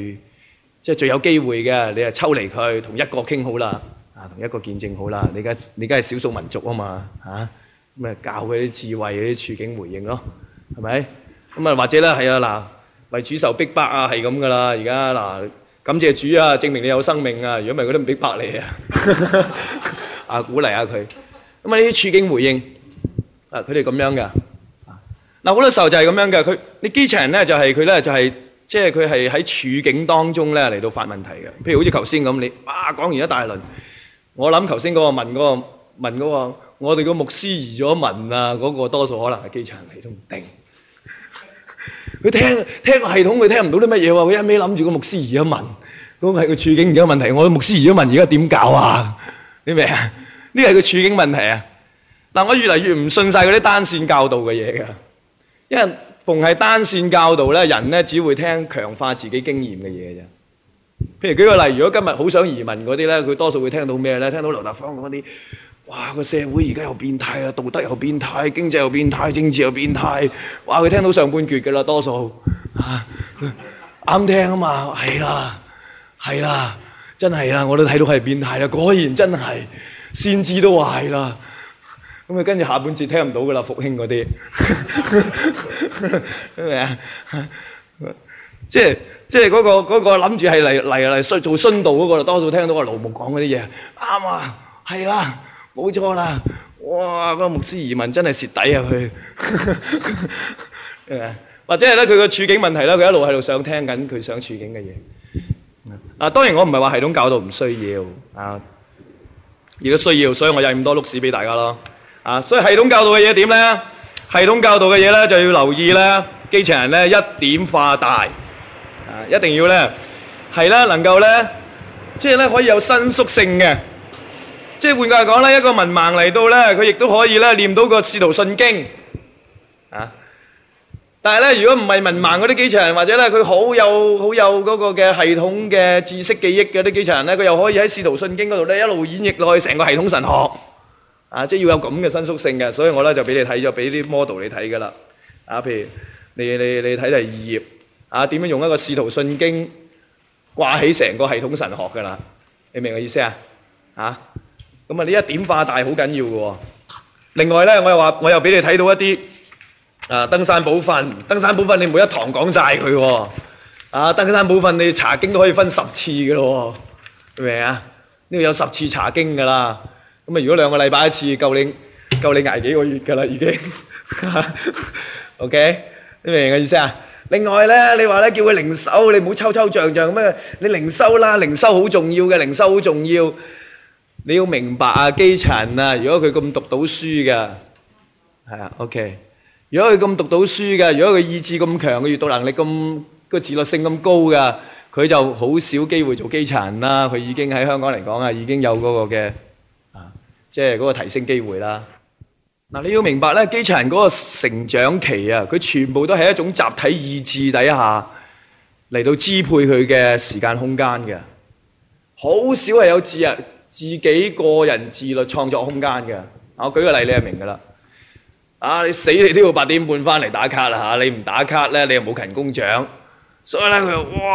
即係最有機會嘅，你係抽離佢同一個傾好啦。同一個見證好啦！你而家你而家係少數民族嘛啊嘛嚇，咁啊教佢啲智慧、啲處境回應咯，係咪？咁啊或者啦，係啊嗱，為主受逼迫啊，係咁噶啦！而家嗱感謝主啊，證明你有生命啊！如果唔係，佢都唔逼迫你啊！啊，鼓勵下佢。咁啊啲處境回應啊，佢哋咁樣噶。嗱、啊、好多時候就係咁樣嘅。佢你基層咧就係佢咧就係即係佢係喺處境當中咧嚟到發問題嘅。譬如好似頭先咁，你哇講、啊、完了一大輪。我諗頭先嗰個問嗰個問嗰個，我哋個牧師移咗民啊，嗰個多數可能係基層嚟都唔定。佢聽聽個系統佢聽唔到啲乜嘢喎，佢一味諗住個牧師移咗民，嗰個係個處境而家問題。我哋牧師移咗民而家點搞啊？你明啊？呢個係個處境問題啊！嗱，我越嚟越唔信晒嗰啲單線教導嘅嘢噶，因為逢係單線教導咧，人咧只會聽強化自己經驗嘅嘢啫。譬如舉個例，如果今日好想移民嗰啲咧，佢多數會聽到咩咧？聽到劉達芳嗰啲，哇！個社會而家又變態啊，道德又變態，經濟又變態，政治又變態，哇！佢聽到上半段㗎啦，多數啊，啱聽啊嘛，係啦，係啦，真係啦，我都睇到係變態啦，果然真係，先知都話係啦，咁 啊，跟住下半節聽唔到噶啦，復興嗰啲，咩啊？即係。即係嗰個嗰個諗住係嚟嚟嚟做殉道嗰個，多數聽到個盧牧講嗰啲嘢，啱啊，係啦，冇錯啦，哇，嗰個牧師移民真係蝕底入去，誒，或者係咧佢個處境問題啦，佢一路喺度想聽緊佢想處境嘅嘢。啊，當然我唔係話系統教導唔需要，啊，如果需要，所以我有咁多碌屎俾大家咯。啊，所以系統教導嘅嘢點咧？系統教導嘅嘢咧就要留意咧，機器人咧一點化大。一定要咧，係啦，能夠咧，即係咧可以有伸縮性嘅，即係換句話講咧，一個文盲嚟到咧，佢亦都可以咧念到個《使徒信經》啊。但係咧，如果唔係文盲嗰啲基層人，或者咧佢好有好有嗰個嘅系統嘅知識記憶嘅啲基層人咧，佢又可以喺《使徒信經》嗰度咧一路演繹落去成個系統神學啊，即係要有咁嘅伸縮性嘅。所以我咧就俾你睇咗，俾啲 model 你睇噶啦。啊，譬如你你你睇第二頁。啊，點樣用一個使徒信經掛起成個系統神學噶啦？你明我意思啊？啊，咁啊呢一點化大好緊要噶。另外咧，我又話我又俾你睇到一啲啊登山寶訓，登山寶訓你每一堂講晒佢。啊，登山寶訓你查經都可以分十次噶咯，明唔明啊？呢度有十次查經噶啦。咁啊，如果兩個禮拜一次，夠你夠你挨幾個月噶啦，已經。OK，你明我意思啊？另外咧，你話咧叫佢靈修，你唔好抽抽象象咁啊！你靈修啦，靈修好重要嘅，靈修好重要。你要明白啊，基層啊，如果佢咁讀到書嘅，係啊，OK。如果佢咁讀到書嘅，如果佢意志咁強，佢閱讀能力咁，個自律性咁高嘅，佢就好少機會做基層啦。佢已經喺香港嚟講啊，已經有嗰個嘅啊，即係嗰個提升機會啦。你要明白呢，機器人嗰個成長期啊，佢全部都係一種集體意志底下嚟到支配佢嘅時間空間嘅，好少係有自己個人自律創作空間嘅。我舉個例，你就明㗎啦，啊，你死你都要八點半返嚟打卡啦，你唔打卡呢，你又冇勤工獎。所以呢，佢就話：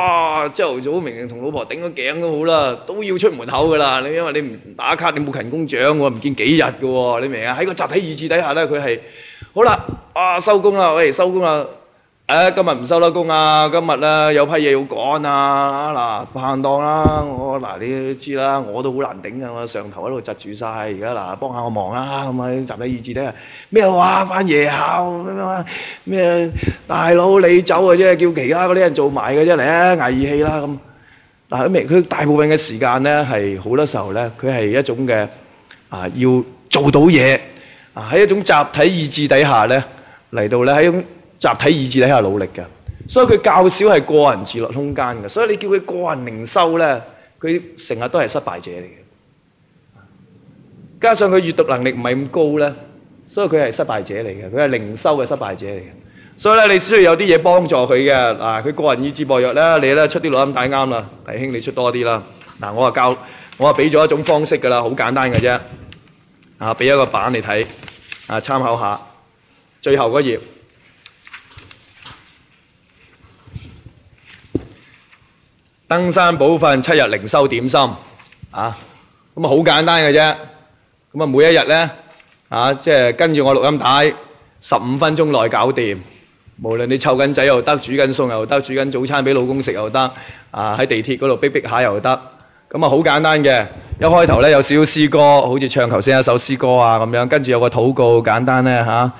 哇！朝頭早，明明同老婆頂咗頸都好啦，都要出門口㗎啦。你因為你唔打卡，你冇勤工獎喎，我又唔見幾日㗎喎，你明啊？喺個集體意志底下呢，佢係好啦，啊收工啦，喂收工啦！誒，今日唔收得工啊！今日咧有批嘢要趕啊！嗱，行當啦，我嗱你都知啦，我都好難頂啊，我上頭喺度窒住晒。而家嗱，幫下我忙啦，咁啊集體意志咧，咩話返夜校咩咩咩，咩大佬你走嘅啫，叫其他嗰啲人做埋嘅啫嚟啊，捱義氣啦咁。嗱，明，佢大部分嘅時間咧係好多時候咧，佢係一種嘅啊，要做到嘢啊，喺一種集體意志底下咧嚟到咧喺。集體意志底下努力嘅，所以佢較少係個人自律空間嘅，所以你叫佢個人靈修咧，佢成日都係失敗者嚟嘅。加上佢閱讀能力唔係咁高咧，所以佢係失敗者嚟嘅，佢係靈修嘅失敗者嚟嘅。所以咧，你需要有啲嘢幫助佢嘅嗱，佢個人意志薄弱啦，你咧出啲錄音帶啱啦，弟兄你出多啲啦。嗱，我話教，我話俾咗一種方式噶啦，好簡單嘅啫。啊，俾一個版你睇，啊參考下，最後嗰頁。登山寶訓七日靈修點心啊！咁啊好簡單嘅啫，咁啊每一日咧啊，即係跟住我錄音帶十五分鐘內搞掂。無論你湊緊仔又得，煮緊餸又得，煮緊早餐俾老公食又得啊！喺地鐵嗰度逼逼逼下又得。咁啊好簡單嘅，一開頭咧有少少詩歌，好似唱頭先一首詩歌啊咁樣。跟住有個禱告，簡單咧啊！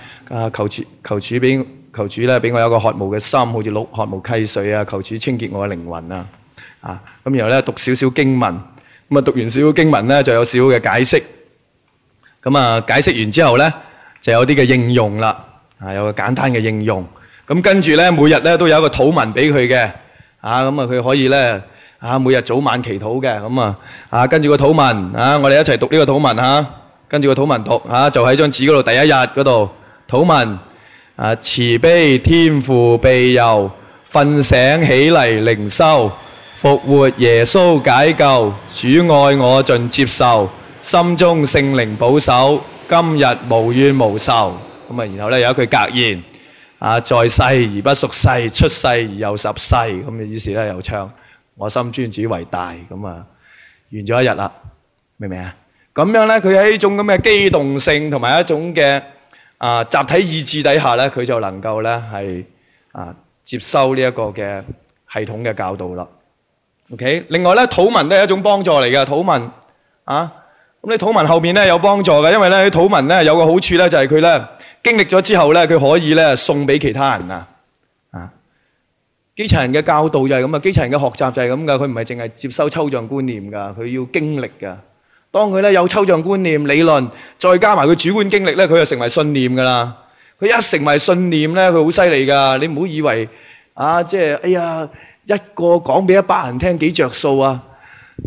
求主求主邊求主咧俾我有個渴慕嘅心，好似渴慕溪水啊！求主清潔我嘅靈魂啊！啊，咁然後咧讀少少經文，咁啊讀完少少經文咧就有少少嘅解釋，咁啊解釋完之後咧就有啲嘅應用啦，啊有個簡單嘅應用，咁跟住咧每日咧都有個禱文俾佢嘅，啊咁啊佢可以咧啊每日早晚祈禱嘅，咁啊啊跟住個禱文啊，我哋一齊讀呢個禱文嚇，跟住個禱文讀嚇，就喺張紙嗰度第一日嗰度禱文，啊慈悲天父庇佑，瞓醒起嚟靈修。復活耶穌解救主，愛我盡接受，心中聖靈保守，今日無怨無仇。咁啊然後咧有一句格言啊，在世而不屬世，出世而又入世，咁啊於是咧又唱我心尊主為大，咁啊完咗一日啦，明唔明啊？咁樣咧佢喺一種咁嘅機動性同埋一種嘅啊集體意志底下咧，佢就能夠咧係啊接收呢一個嘅系統嘅教導啦。OK，另外咧，土文都係一種幫助嚟嘅，土文啊，咁你土文後邊咧有幫助嘅，因為咧啲土文咧有個好處咧就係佢咧經歷咗之後咧，佢可以咧送俾其他人啊，啊，基層人嘅教導就係咁啊，基層人嘅學習就係咁噶，佢唔係淨係接收抽象觀念噶，佢要經歷噶。當佢咧有抽象觀念理論，再加埋佢主觀經歷咧，佢就成為信念噶啦。佢一成為信念咧，佢好犀利噶，你唔好以為啊，即係哎呀。一個講俾一百人聽幾着數啊？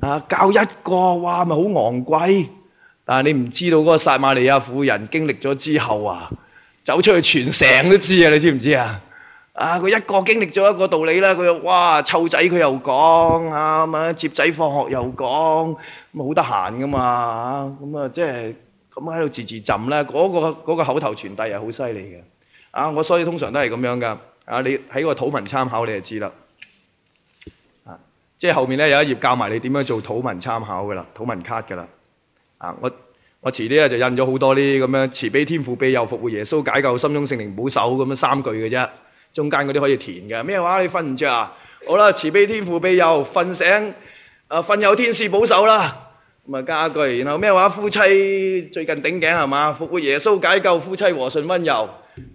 啊，教一個哇，咪好昂貴，啊。但係你唔知道嗰個撒馬利亞婦人經歷咗之後啊，走出去全城都知啊！你知唔知啊，啊，啊，啊？啊，佢一個經歷咗一個道理呢，佢又哇，湊仔佢又講啊，啊接仔放學又講，咁好得閒噶嘛咁啊，即係咁喺度字字浸呢，嗰個嗰個口頭傳遞又好犀利嘅。啊，我所以通常都係咁樣噶。啊，你喺個土文參考你就知啦。即係後面咧有一頁教埋你點樣做禱文參考噶啦，禱文卡噶啦。啊，我我遲啲咧就印咗好多啲咁樣，慈悲天父庇佑，復活耶穌解救，心中聖靈保守，咁樣三句嘅啫。中間嗰啲可以填嘅。咩話？你瞓唔着啊？好啦，慈悲天父庇佑，瞓醒啊，瞓有天使保守啦。咁啊，加句，然後咩話？夫妻最近頂頸係嘛？復活耶穌解救，夫妻和順温柔，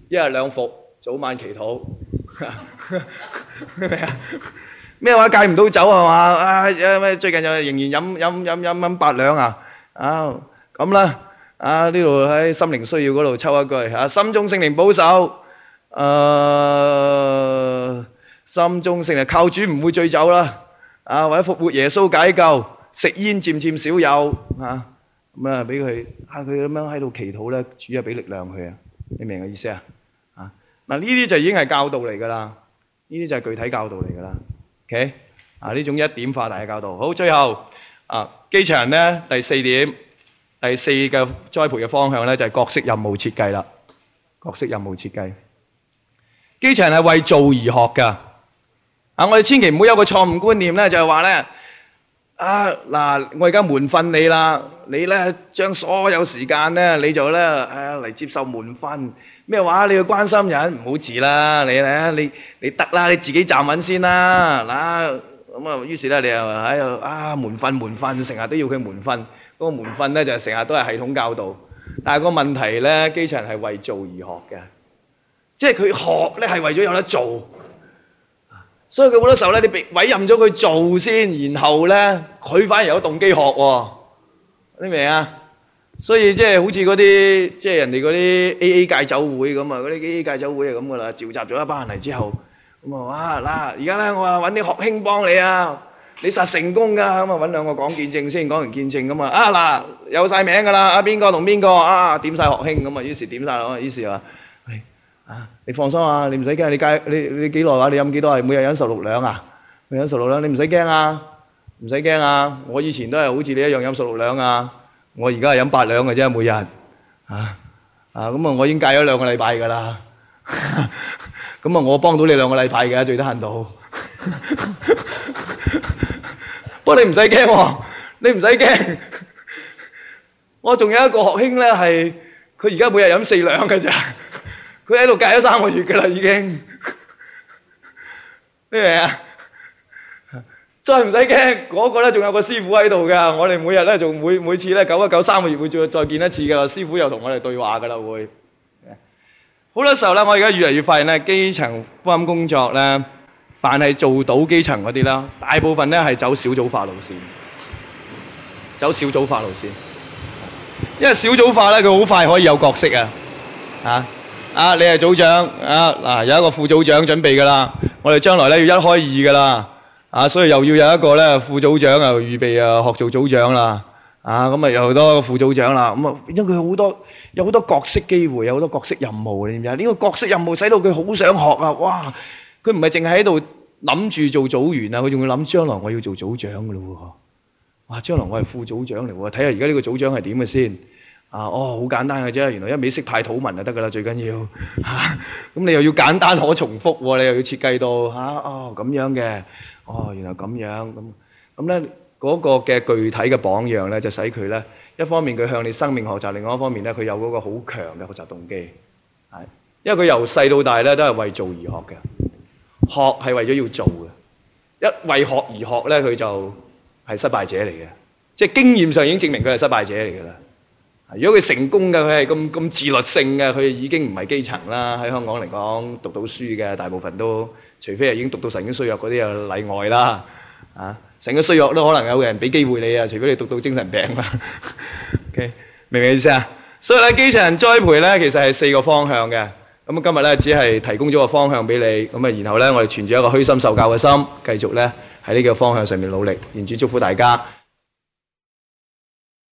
一日兩服，早晚祈禱。咩 啊？咩話戒唔到酒係嘛？啊，咁啊，最近又仍然飲飲飲飲飲，八兩啊，啊咁啦，啊呢度喺心靈需要嗰度抽一句啊，心中聖靈保守，啊，心中聖靈靠主唔會醉酒啦，啊，或者復活耶穌解救，食煙漸漸少有啊咁啊，俾佢嚇佢咁樣喺度祈禱咧，主要俾力量佢啊，你明我意思啊？啊嗱，呢啲就已經係教導嚟噶啦，呢啲就係具體教導嚟噶啦。OK，啊呢種一點化大嘅教導，好最後啊，基層咧第四點，第四個栽培嘅方向咧就係角色任務設計啦。角色任務設計，基層係為做而學噶。啊，我哋千祈唔好有個錯誤觀念咧，就係話咧啊嗱，我而家門訓你啦，你咧將所有時間咧你就咧誒嚟接受門訓。咩話？你要關心人，唔好遲啦！你你你得啦，你自己站穩先啦。嗱、啊，咁啊，於是呢，你又喺度啊，門訓門訓，成日都要佢門訓。嗰、那個門訓呢、就是，就成日都係系統教導。但係個問題咧，基層人係為做而學嘅，即係佢學呢係為咗有得做。所以佢好多時候呢，你委任咗佢做先，然後呢，佢反而有動機學喎。你明唔明啊？所以即係好似嗰啲即係人哋嗰啲 A A 戒酒會咁啊，嗰啲 A A 戒酒會係咁噶啦，召集咗一班人嚟之後，咁啊哇嗱，而家咧我話揾啲學兄幫你啊，你實成功噶咁啊揾兩個講見證先，講完見證咁啊啊嗱，有曬名噶啦，啊邊個同邊個啊點曬學兄咁啊於是點曬啦嘛，於是話，啊你放心啊，你唔使驚，你戒你你幾耐話你飲幾多啊？每日飲十六兩啊，飲十六兩，你唔使驚啊，唔使驚啊，我以前都係好似你一樣飲十六兩啊。我而家係飲八兩嘅啫，每日，啊啊咁啊，我已經戒咗兩個禮拜㗎喇，咁啊，我幫到你兩個禮拜嘅，最低限度。 不過你唔使驚，你唔使驚，我仲有一個學兄呢，係佢而家每日飲四兩嘅啫，佢喺度戒咗三個月嘅喇，已經。咩啊？真係唔使驚，嗰、嗰個咧，仲有個師傅喺度噶。我哋每日咧，仲每每次咧，九一九三個月會再再見一次噶啦。師傅又同我哋對話噶啦，會。Yeah. 好多時候咧，我而家越嚟越發現咧，基層翻工作咧，凡係做到基層嗰啲啦，大部分咧係走小組化路線，走小組化路線。Yeah. 因為小組化咧，佢好快可以有角色 Yeah. 啊，啊！啊啊，你係組長啊，嗱，有一個副組長準備噶啦。我哋將來咧要一開二噶啦。啊，所以又要有一個咧副組長啊，預備啊學做組長啦，啊咁啊有好多副組長啦，咁啊因佢好多有好多角色機會，有好多角色任務你知唔知啊？呢個角色任務使到佢好想學啊！哇，佢唔係淨係喺度諗住做組員啊，佢仲會諗將來我要做組長噶咯喎！哇，將來我係副組長嚟喎，睇下而家呢個組長係點嘅先啊！哦，好簡單嘅啫，原來一味識派土文就得噶啦，最緊要吓，咁你又要簡單可重複，你又要設計到吓哦咁樣嘅。哦，原來咁樣咁咁呢嗰個嘅具體嘅榜樣呢，就使佢呢一方面佢向你生命學習，另外一方面呢，佢有嗰個好強嘅學習動機，係因為佢由細到大呢，都係為做而學嘅，學係為咗要做嘅，一為學而學呢，佢就係失敗者嚟嘅，即係經驗上已經證明佢係失敗者嚟噶啦。如果佢成功嘅，佢係咁咁自律性嘅，佢已經唔係基層啦。喺香港嚟講，讀到書嘅大部分都。除非係已經讀到神經衰弱嗰啲啊，例外啦，啊，神經衰弱都可能有嘅人俾機會你啊，除非你讀到精神病啦。OK，明唔明意思啊？所以咧，基層人栽培咧，其實係四個方向嘅。咁啊，今日咧只係提供咗個方向俾你。咁啊，然後咧我哋存住一個虛心受教嘅心，繼續咧喺呢個方向上面努力。言主祝福大家。